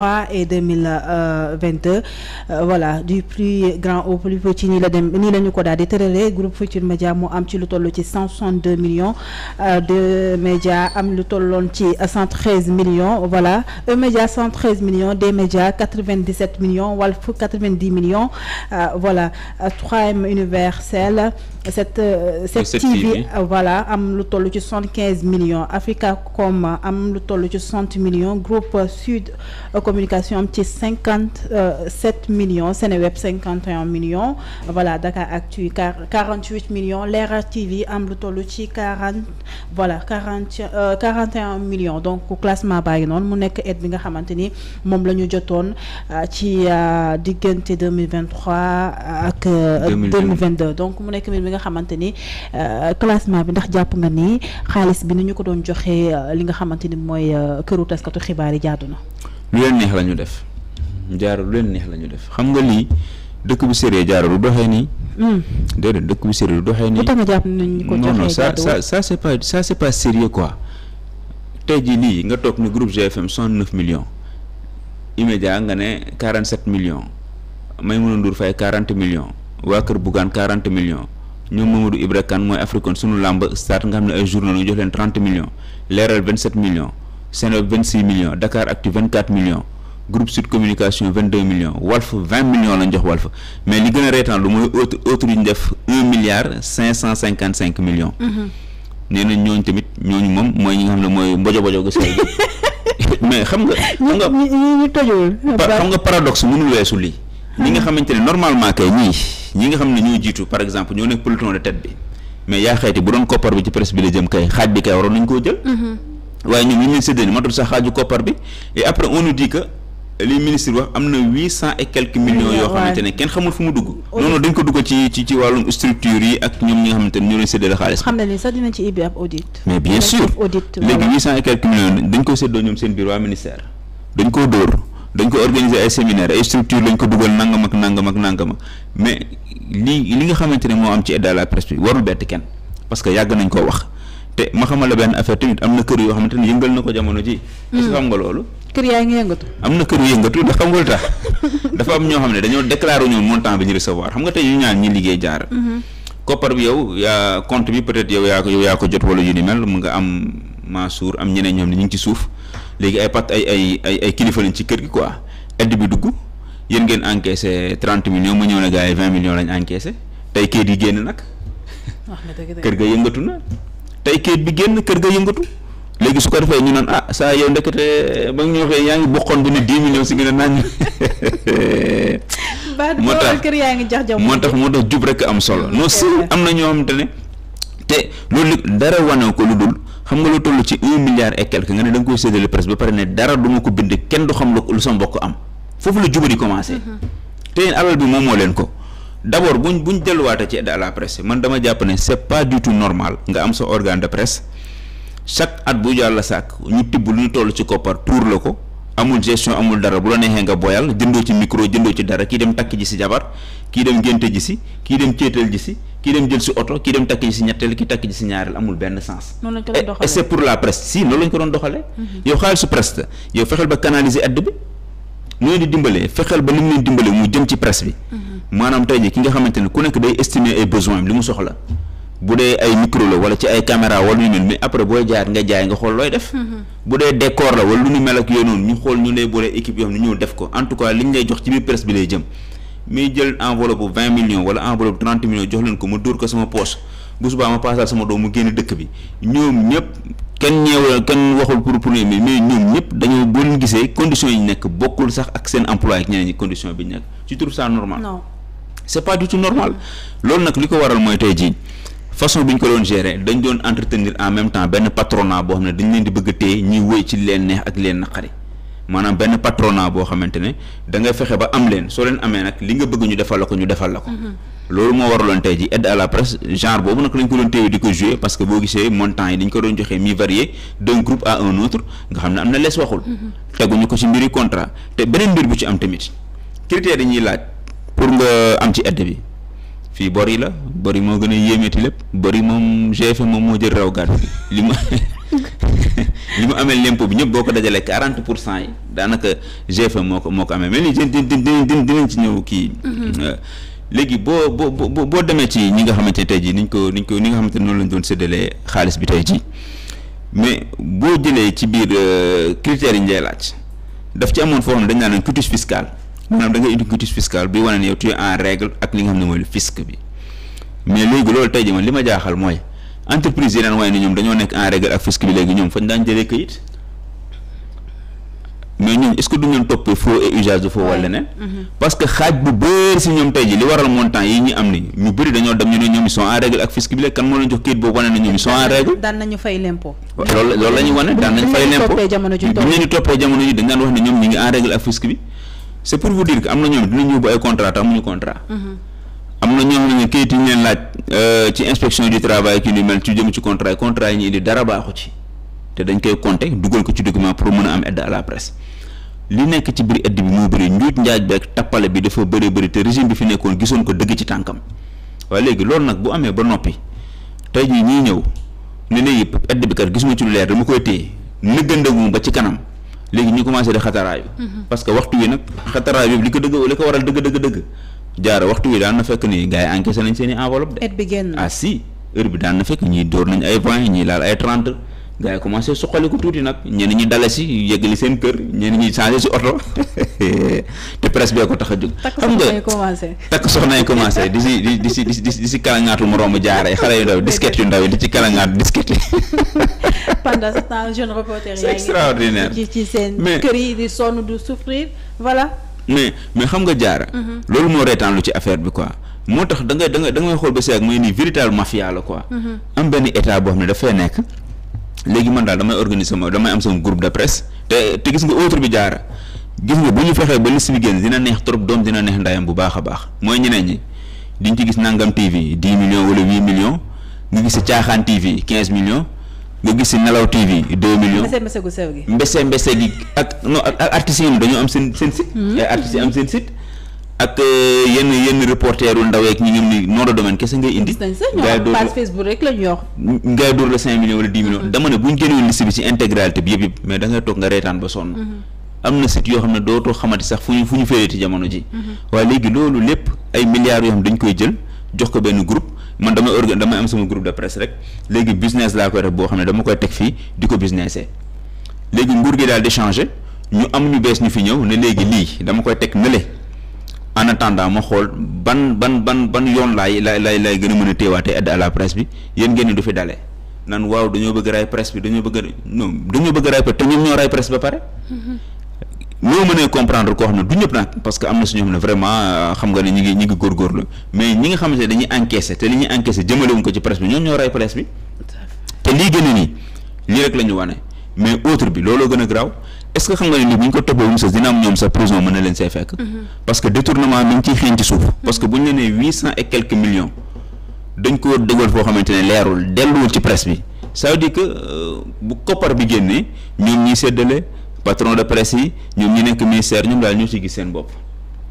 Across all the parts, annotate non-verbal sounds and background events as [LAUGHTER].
3 et 2022 euh, euh, voilà du plus grand au plus petit nii la dem nii la ñu ko daal di tëralee groupe Futurs média moo am ci lu toll ci 162 millions euh, de média am lu tolloon ci 113 millions voilà E-Média 113 millions des médias 97 millions Walf 90 millions voilà 3M Universel cette cette TV voilà am lu toll ci 75 millions Africacom am lu tollu ci 60 millions groupe Sud communication am ci cinquante euh, sept millions Seneweb cinquante et un millions voilà Dakar Actu quarante huit millions Leral TV am lu toll ci quarante voilà quarante euh, quarante et millions donc classement baa ngi noonu mu nekk aide bi nga xamante ni moom la ñu jotoon euh, ci diggante deux mille vingt trois ak deux mille vingt deux donc mu nekk mbir bi nga xamante ni classement bi ndax jàpp nga ni xaalis bi ni ñu ko doon joxee li nga xamante ni mooy këru taskatu xibaar yi jaadu na lu leen neex la ñu def jaaro lu leen neex la ñu def xam nga lii dëkk bu séré jaaro lu doxee nii. Hmm. déedéet dëkk bu séré du doxee nii. ko non non ça ça ça c'est pas ça tey jii lii nga toog ni groupe GFM cent neuf millions immédiat nga ne quarante sept millions Maimouna Ndour Faye quarante millions waa Kër Bougane quarante millions. ñoom Mamadou Ibra Kane mooy African sunu làmb start nga xam ne ay journaux ñu jox leen trente millions leeral vingt Seneweb 26 millions Dakaractu 24 millions Groupe Sud Communication 22 millions Walf 20 millions lañ jox Walf mais li gën a reetaan lu mooy autre autre ñu def 1 milliard 555 millions. Mm-hmm. nee na tamit ñooñu moom mooy ñi nga xam ne mooy mbojo mbojo ga sooy [LAUGHS] mais xam nga. xam nga ñi ñi tojul. xam nga paradoxe mënul weesu lii. ñi nga mm-hmm. xamante ne normalement kay ñii ñi nga xam ne ñoo jiitu par exemple ñoo nekk peloton de tête bi mais yaa xayti bu doon koppar bi ci presse bi kay xaaj bi kay waroon nañ koo jël. Mm-hmm. waaye ñoom li ñu leen séddale matul sax xaaju koppar bi et après on nous dit ministre wax am na huit cent et quelques millions yoo xamante ne kenn xamul fu mu dugg non non dañ ko dugg ci ci ci wàllum structure yi ak ñoom ñi nga xamante ne ñoo leen na ni sax dina ci ibbi et quelques millions dañ ko ñoom seen biir waa ministère dañ koo dóor dañ ko organiser ay séminaire ay structure lañ ko dugal nangam ak nangam ak nangam mais li li nga xamante ne moo am ci aide à la presse warul bett kenn parce que yàgg nañ koo wax te ma xamal la benn affaire tamit am na kër yoo xamante ni yëngal na ko jamono ji si hmm. xam nga loolu kër yaa ngi yëngatu am na kër yu yëngatu ndax xam nga lu [LAUGHS] am ñoo xam ne dañoo déclaré ñoom montant bi ñu recevoir xam nga tey ñaan ñi liggéey jaar hmm. koppar bi yow yaa compte bi peut yow yaa ko yow yaa ko jot wala yu ni mel mu nga am Mansour am ñeneen ñoom ne ñu ngi ci suuf léegi ay pat ay ay ay ay kilifa lañ ci kër gi quoi aide bi dugg yéen ngeen encaissé trente millions ma ñëw na gars yi vingt millions lañ encaissé tey kër yi génn nag kër ga yëngatu na tey kayit bi génn kër ga yëngatu léegi su ko defee ñu naan ah saa yow ndekete ba nga ñu waxee yaa ngi bokkoon bu ne 10 millions si gën a naan. [LAUGHS] moo tax kër yaa ngi jax jaw moo tax moo tax jub rek am solo noo si am na ñoo xamante ne te loolu dara wane ko lu dul xam nga lu toll ci un milliard et quelque nga ne da nga koy séddale presse ba pare ne dara du ma ko bind kenn du xam lu sa mbokk am foofu la jubari commencé. Mm-hmm. te alal bi moom moo leen ko. d' abord buñ buñ delluwaate ci aide à la presse man dama jàpp ne c' est pas du tout normal nga am sa organe de presse chaque at bu jàll sàkk ñu tibb lu ñu toll ci koppar tuur la ko amul gestion amul dara bu la neexee nga boyal jëndoo ci micro jëndoo ci dara kii dem takk ji si jabar kii dem ngénte ji si kii dem céetal ji si kii dem jël si oto kii dem takk ji si ñetteel kii takk ji si ñaareel amul benn sens. noonu et eh, c' pour la presse si noonu lañ ko doon doxalee. Mhm. yow xaalisu presse yow fexeel ba fexeel ba ni mu leen dimbalee mu jëm ci presse bi. Mhm. maanaam tey jii ki nga xamante ne ku nekk day estimer ay besoins li mu soxla bu dee ay micro la wala ci ay caméra wala ñu mel mais après booy jaar nga jaay nga xool looy def. Mm-hmm. bu dee décor la wala lu ñu mel ak yooyu noonu ñu xool ñu lay boole équipe yoo xam ne def ko en tout cas liñ lay jox ci biir presse bi lay jëm muy jël enveloppe bu vingt millions wala enveloppe bu trente jox leen ko ma dóor ko sama poche bu subaa ma paasal sama doom mu génn bi ñëpp kenn ñeewal kenn waxul pour pour mais ñoom ñëpp dañoo boo leen gisee conditions yi ñu nekk bokkul sax ak seen emploi ak ñi condition bi ñu nekk tu trouves ça normal. c'est pas du tout normal loolu nag li ko waral mooy tey jii façon bi ñu ko doon gérer dañ doon entretenir en même temps benn patronat boo xam ne dañ leen di bëgg a téye ñuy leen neex ak leen naqari maanaam benn patronat boo xamante ne da ngay fexe ba am leen soo leen amee nag li nga bëgg ñu defal la ko ñu defal la ko. Mhm. loolu moo waraloon tey jii aide à la presse genre boobu nag lañ ko doon téye di ko jouer parce que boo gisee montant yi dañ ko doon joxee mi varié d'un groupe à un autre nga xam ne am na lees waxul. Mhm. teguñu ko ci mbiri contrat te beneen mbir bu ci am tamit dañuy laaj. pour nga am ci aide bi fii bor la bor moo gën a yéemeeti lépp bor yi moom GFM moom moo jël raw gàddu [LAUGHS] bi li mu [LAUGHS] li mu amee lempo bi ñëpp boo ko dajalee quarante pour cent yi daanaka GFM moo ko moo ko amee mais li dinañ dinañ dinañ ci ñëw kii. Mm-hmm. Euh, léegi boo boo boo boo demee ci ñi nga xamante ne tey jii niñ ko niñ ko ni nga xamante ne noonu lañ doon séddalee xaalis bi tey jii mais boo jëlee ci biir euh, critères yi ñu lay laaj daf ci amoon foo xam ne dañ naan tuuti fiscal. maanaam da ngay indi quitus fiscal bi wane ne mais léegi loolu tey jii man li ma jaaxal mooy entreprise yi daan ñoom dañoo nekk en règle ak fisc bi léegi ñoom fañ daan jëlee kayit mais ñoom est-ce mhm. yi ñu en règle ak fisc bi léegi kan moo leen jox kayit boobu wane ne ñoom daan nañu fay l'impôt loolu loolu la jamono ji dañ daan wax ne ñoom ñi ngi en règle ak fisc bi c' pour vous dire que am na ñoom dinañ yóbbu ay contrat te amuñu mhm. am na ñoo xam ne kayit yi ñu leen laaj euh, ci inspection du travail ki ñu mel ci jëm ci contrat yi contrat indi dara baaxu ci te dañ koy conte dugal ko ci document pour mën a am aide à la presse li nekk ci biir aide bi moo bëri njuuj njaaj beeg tappale bi dafa bëri bëri te régime bi fi nekkoon gisoon ko dëgg ci tànkam waaye léegi loolu nag bu amee ba noppi tey jii ñuy ñëw ne léegi aide bi kat gisuma ci lu leer dama koy téye nëggandagu ba ci kanam. léegi ñu commencé di xataraayu. Mhm. parce que waxtu wi nag xataraayu bi li ko dëgg li ko waral dëgg dëgg dëgg jaara waxtu wi daan na fekk ni gars yi encaissé nañ seen i enveloppe de. ah si heure bi daan na fekk ñii dóor nañ ay vingt ñii laal ay trente. gars yi commencé suqali ko tuuti nag ñenn ñi dalasi yëgali seen kër ñenn ñi changé si oto [LAUGHS] te presse bee ko tax a jóg. xam nga takk soxna yi commencé di si di si di si di si kalangaatu mu romb jaaree xale yu ndaw disquette yu ndaw yi di ci kalangaatu disquette yi. [LAUGHS] pendant ce temps jeune reporter. ci ci kër yi di sonn du souffrir voilà. mais mais xam nga jaara. Mhm. loolu moo reetaan lu ci affaire bi quoi. moo tax da ngay da da ngay xool ba si ak mooy nii véritable mafia la quoi. Mhm. am benn état boo xam ne dafay nekk. léegi man daal damay organiser ma damay am sama groupe de presse te te gis nga autre bi jaara gis nga bu ñu fexee ba liste bi génn dina neex trop doom dina neex ndayam bu baax a baax mooy ñeneen ñi diñ ci gis nangam TV 10 millions wala 8 millions nga gis si caaxaan TV 15 millions nga gis si nelaw TV 2 millions. mbese mbese gu gi. mbese mbese gi ak non ak artistes yi dañoo am seen seen site. Hmm. ay artistes yi am seen site. ak euh, yenn yenn reporteru ndaw yeeg ñi ngeen ni nom de domaine kese nga indi. ngay door page Facebook rek la ñu yor. ngay door la cinq wala dix millions. Mm-hmm. dama ne bu ñu génnewoon liste bi ci intégralité bi yëpp yëpp mais da ngay toog nga reetaan ba sonn. Mm-hmm. am na site yoo xam ne dootoo xamati sax fu ñu fu ñu jamono ji. Mm-hmm. waaye léegi loolu lépp ay milliards yoo xam dañ koy jël jox ko benn groupe man damay organ damay am sama groupe de presse rek léegi business laa koy def boo xam ne dama koy teg fii di ko businessé léegi nguur gi daal di changé ñu am ñu bees ñu fi ñëw ne léegi lii dama koy teg nële en attendant ma xool ban ban ban ban yoon laay lay lay lay gën a mën a téewaate aide à la presse bi yéen ngeen du fi dalee nan waaw dañoo bëgg ray presse bi dañoo bëgg non dañoo bëgg ray presse te ñoom ñoo ray presse ba pare koo xam ne du ñëpp nag parce que am na suñu euh, xam nga ne ñi ngi ñi ngi góorgóorlu mais ñi nga xamante ne dañuy encaissé te li ñuy encaissé jëmalewuñ ko ci presse bi ñoom ñoo ray presse bi te lii gën nii lii rek la ñu wane mais autre bi looloo gën a graw est que xam nga ne ni bu ñu ko toppee wuñ sës dina am ñoom sa prison mën na leen see fekk. Mhm. parce que détournement mi ngi ciy xeeñ ci suuf. Mhm. parce que bu ñu nee huit cent et quelques millions dañ ko dëggal foo xamante ne leerul delluwul ci presse bi ça veut que euh, bu koppar bi génnee ñoom ñuy séddale patron de presse yi ñoom ñi nekk ministère ñoom daal ñu ci gis seen bopp.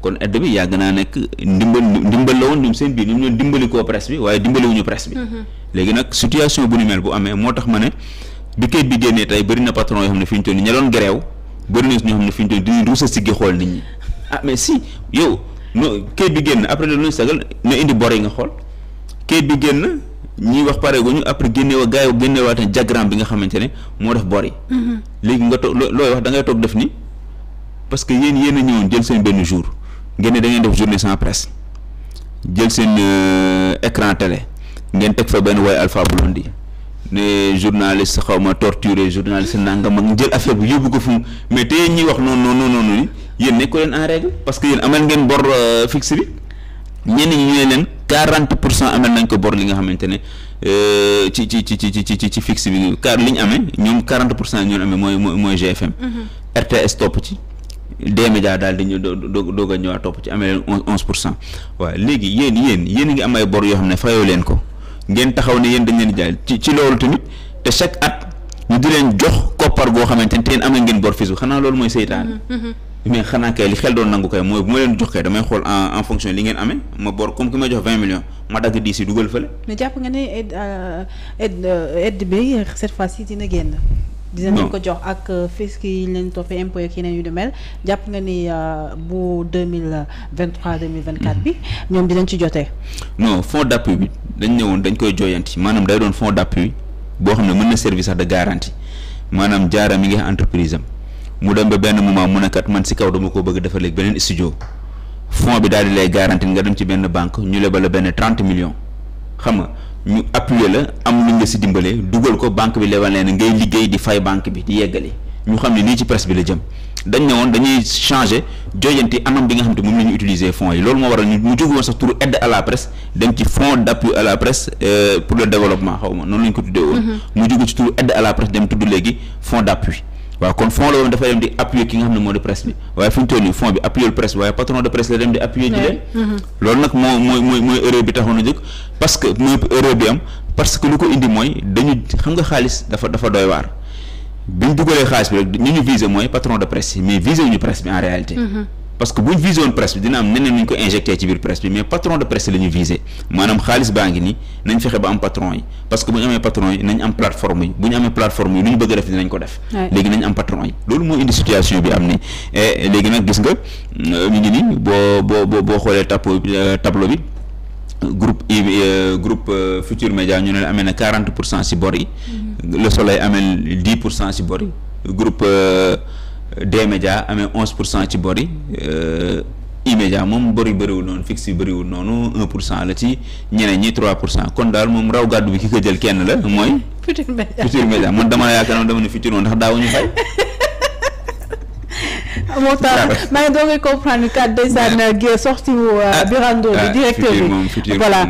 kon aide bi yàgg naa nekk ndimbal ndimbal la woon ñoom seen biir ñoom ñoo dimbali koo presse bi waaye dimbaliwuñu presse bi. Mhm. léegi nag situation bu ni mel bu amee moo tax ma ne. bi kayit bi génnee tey bëri na patron yoo xam ne fi ñu toll nii ña doon grève bëri na si ñoo xam ne fi ñu toll nii dañuy ruus siggi xool nit ñi ah mais si yow no kayit bi génn après loolu sagal na indi bor nga xool kayit bi génn ñiy wax pare gu ñu après génne wa gars yi génne bi nga xamante ne moo def bori mhm. léegi nga toog looy wax da ngay toog def ni parce que yéen yéen a ñëwoon jël seen benn jour ngeen ne def journée sans presse jël seen euh, écran télé ngeen teg fa benn waaye Alpha Blondy ne journaliste xaw ma torturé journaliste nangam ak jël affaire bi yóbbu ko fu mu mais te ñuy wax noonu noonu noonu yéen nekkoo leen en parce que yéen ngeen bor euh, fixe bi ñenn leen quarante pour cent amal nañ ko bor li nga xamante ne euh, ci ci ci ci ci ci fixe bi car li ñu amee ñoom quarante pour cent ñoon amee mooy mooy GFM. Mm-hmm. RTS topp ci. D-Media daal di ñu doog doog a ñëwaat topp ci amee leen onze pour cent waaw léegi yéen yéen yéen ngi am ay bor yoo xam ne fayoo leen ko. ngeen taxaw ne yéen dañ leen jaay ci ci loolu tamit te chaque at ñu di leen jox koppar goo xamante ne te yéen am na ngeen bor fisu xanaa loolu mooy seytaane mm-hmm, mm-hmm. mais xanaa kay li xel doon nangu kay mooy bu ma leen jox kay damay xool en en fonction li ngeen amee ma bor comme ki ma jox vingt millions ma dagg dix yi dugal fële. mais jàpp nga ne aide euh, aide euh, bi cette fois-ci dina génn. dinañ ko jox ak euh, fisc yi ñu leen toppee impôt yeeg yeneen yu di jàpp nga ni euh, bu deux mille vingt trois deux mille vingt quatre bi mhm. ñoom dinañ ci jotee. non fonds d' appui bi dañ ñëwoon dañ koy jooyanti maanaam day doon fonds d' appui boo xam ne mën na service sax de garantie maanaam jaara mi ngi entreprise am mu dem ba benn moment mu ne kat man si kaw dama ko bëgg dafa léegi beneen studio fonds bi daal di lay garantie nga dem ci benn banque ñu lebal benn trente millions xam nga. ñu appuyer la am lu ñu la si dimbalee dugal ko banque bi lebal leen ngay liggéey di fay banque bi di yeggali ñu xam ne lii ci presse bi la jëm dañ ne woon dañuy changer joojanti anam bi nga xam te moom la ñu utiliser fonds yi loolu moo waral ñu mu jóge woon sax turu aide à la presse dem ci fonds d'appui à la presse euh, pour le développement xaw ma noonu la ñu ko tuddee woon. Mm-hmm. mu jóge ci turu aide à la presse dem tudd léegi fonds d'appui. waaw kon fond la woon dafay dem di appuyer ki nga xam ne moo di presse bi waaye fi ñu toll nii fond bi appuyer bi waaye patron de presse la dem di appuyer ji mm-hmm. loolu nag moo mooy mooy mooy erreur bi taxoon a jóg parce que mooy erreur bi am parce que lu ko indi mooy dañu xam nga xaalis dafa dafa doy waar bi ñu dugalee xaalis bi rek ñu ñu viser mooy patron de presse mais viser ñu presse bi en réalité mm-hmm. parce que bu ñu visé woon presse bi dina am neneen nu ko injecté ci biir presse bi mais patron de presse la ñu maanaam xaalis baa ngi nii nañ fexe ba am patron yi parce que bu ñu amee patron yi nañ am plateforme yi bu ñu amee plateforme yi lu ñu bëgg a dinañ ko def. léegi nañ am patron yi loolu moo indi situation bi am ni léegi nag gis nga euh, mi ngi nii boo boo boo xoolee tapo euh, tableau bi. groupe euh, groupe Futur Média ñu ne la amee na quarante pour cent si bor yi. Mm-hmm. Le Soleil pour cent si bor yi. des média amee onze pour cent ci bor yi immédiat euh, moom bëri bëriwul noonu fixe yi bëriwul noonu un pour cent la ci ñeneen ñi trois pour cent kon daal moom raw gàddu bi ki ko jël kenn la mooy. Futurs Médias Futurs Médias man damaa yaakaar dama ne Futurs moom ndax daawuñu fay. [LAUGHS] moo tax maa ngi doog a comprendre kat ndeysaan ah. euh, gi sorti wu euh, ah. Birando ah, bi directeur bi voilà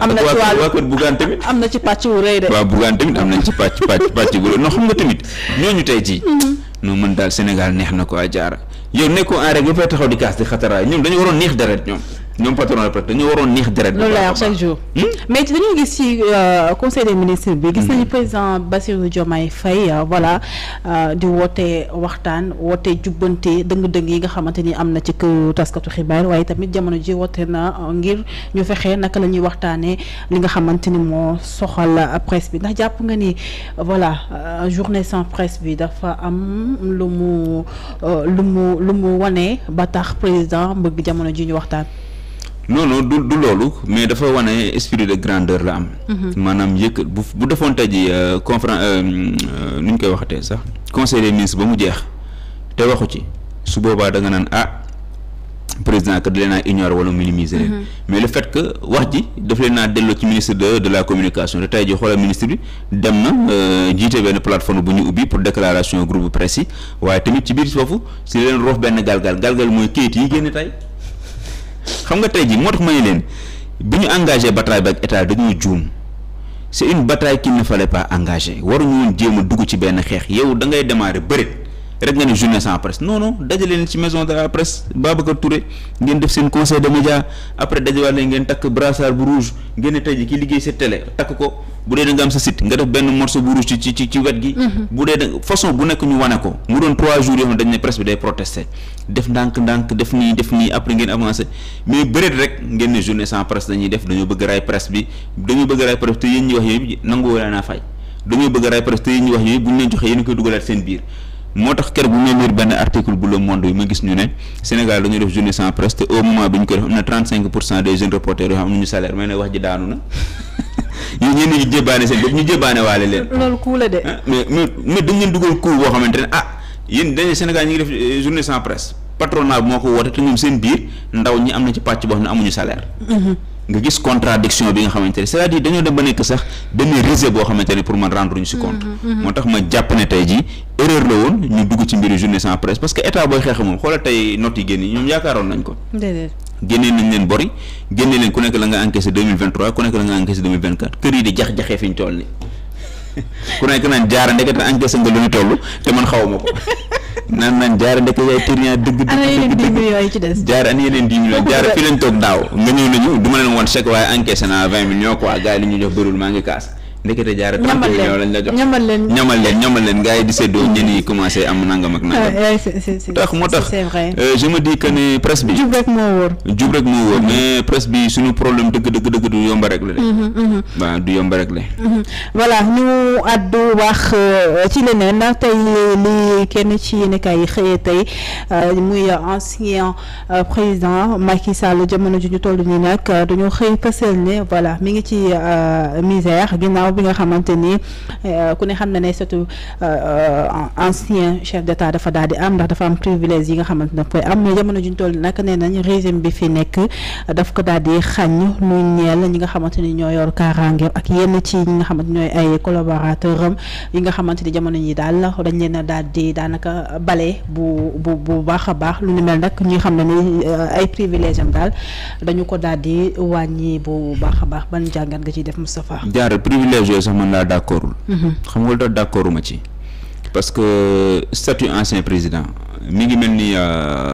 am na ci wàllu ak Bougane tamit am na ci pàcc wu rëy de. waaw Bougane tamit am nañ ci pàcc pàcc pàcc gu xam nga tamit ñooñu tey jii. Mm-hmm. noo mën daal Sénégal neex na ko a jaara yow nekkoo en règle ba taxaw di kaas di xataraay ñoom dañu waroon neex deret ñoom ñoom patron de dañoo waroon neex deret. loolu lay wax chaque jour. Hmm? mais dañoo gis ci euh, conseil des ministres bi. gis nañu hmm. président Bassirou Diomaye Faye euh, voilà euh, di woote waxtaan woote jubbante dëng-dëng yi nga xamante ni am na ci këru taskatu xibaar waaye tamit jamono ji woote na ngir ñu fexe naka la ñuy waxtaanee li nga xamante ni moo soxal presse bi ndax jàpp nga ni voilà journée sans presse bi dafa am lu mu lu mu lu mu wane ba tax président bëgg jamono ji ñu waxtaan. non du du loolu mais dafa wane esprit de grandeur la am. Mhm. maanaam yëkk bu bu defoon tey euh, confrant conférence euh, euh, nu ñu koy waxatee sax conseil des ba mu jeex te waxu ci su boobaa da nga naan ah président que da leen a ignorer wala minimiser leen. Mhm. mais le fait que wax ji daf leen naa delloo ci ministre de de la communication te tey ji xoolal ministre bi dem na jiite benn plateforme bu ñu ubbi pour déclaration groupe presse yi waaye tamit ci biir foofu si leen roof benn galgal galgal mooy kayit yi génn tey. xam nga tey jii moo tax ma ne leen bi ñu engagé bataille bi ak état dañoo juum c' est une bataille ki ne fallait pas engager waruñu woon a dugg ci benn xeex yow da ngay démarrer bërit rek nga ne journée sans presse non non dajaleen ci maison de la presse Babacar Touré ngeen def seen conseil de média après dajawaat leen ngeen takk brassard bu rouge dañuy bëgg ray presse te yéen wax yooyu nangu wala naa fay dañoo bëgg ray presse te yéen wax yooyu bu ñu leen joxee yéen koy dugalaat seen biir moo tax keroog bu may lire benn article bu Le Monde yi ma gis ñu ne Sénégal dañuy def journée sans presse te au moment bi ñu ko def am na 35 pour cent des jeunes reporters yoo xam ne ñu salaire may ne wax ji daanu na ñun [LAUGHS] ñenn ñi seen bopp ñu jébaane waale leen. loolu kuu la de. Ah, mais mais dugal kuu boo xamante ne ah yéen dañuy Sénégal ñu ngi def euh, journée sans presse patronat bi moo ko woote te ñoom seen biir ndaw ñi am na ci pàcc boo xam ne amuñu salaire. Mm-hmm. nga gis contradiction bi nga xamante ne c'est-à-dire dañoo dem ba nekk sax demi risée boo xamante ne pour man rendre ñu si compte mm-hmm, mm-hmm. moo tax ma jàpp ne tey jii erreur la woon ñu dugg ci mbiru journée sans presse parce que état booy xeex moom xoolal tey notes yi génn yi ñoom yaakaaroon nañ ko génnee nañ leen bori génne leen ku nekk la nga encaissé 2023 ku nekk la nga encaissé kër yi di jax-jaxee fi toll ni [LAUGHS] ku nekk naan jaara ndekete encaissé nga lu ñu toll te man xawuma ko [LAUGHS] nan naan jaara ndeke yaay turian dëgg dëgg yeneen dix millions yi ci des jaara ana yeneen dix millions jaara fii daaw nga ñëw nañu du ma leen woon chèque waaye encaissé naa vingt millions quoi gars yi li ñu jox bërul maa ngi kaas ndekete jaara ñamal la jox ñamal leen ñamal leen ñamal leen gars yi di séddoo ñenn yi commencé am nangam ak nangam tax moo tax euh, je me dis que bi jub rek moo wóor moo wóor mm-hmm. mais presse bi suñu problème dëgg dëgg dëgg du yomba rek la waaw du yomba rek la mm-hmm. voilà ñu addu wax euh, ci leneen ndax tey li kenn ci yéen kaay yi xëyee tey euh, muy ancien président Macky Sall jamono ju ñu toll nii nag dañoo xëy fasal ne voilà mi ngi ci misère ginnaaw ginnaaw bi nga xamante ni euh, ku ne xam na ne surtout euh, euh, ancien chef d'état dafa daal di am ndax dafa am privilège yi nga xamante ne daf koy am mais jamono juñ toll nag nee nañ régime bi fi nekk daf ko daal di xàññ lu ñeel ñi nga xamante ni ñoo yor kaaraange ak yenn ci ñi nga xamante ñooy ay collaborateur am yi nga xamante ni jamono ñi daal dañ leen daal di daanaka bale bu bu bu baax a baax lu ni mel nag ñu xam ne ni ay privilège am daal dañu ko daal di wàññi bu baax a baax ban jàngat nga ciy def Moustapha critères yooyu sax mën laa d' accordul mhm. xam nga ci parce que statut ancien président mi mel ni euh,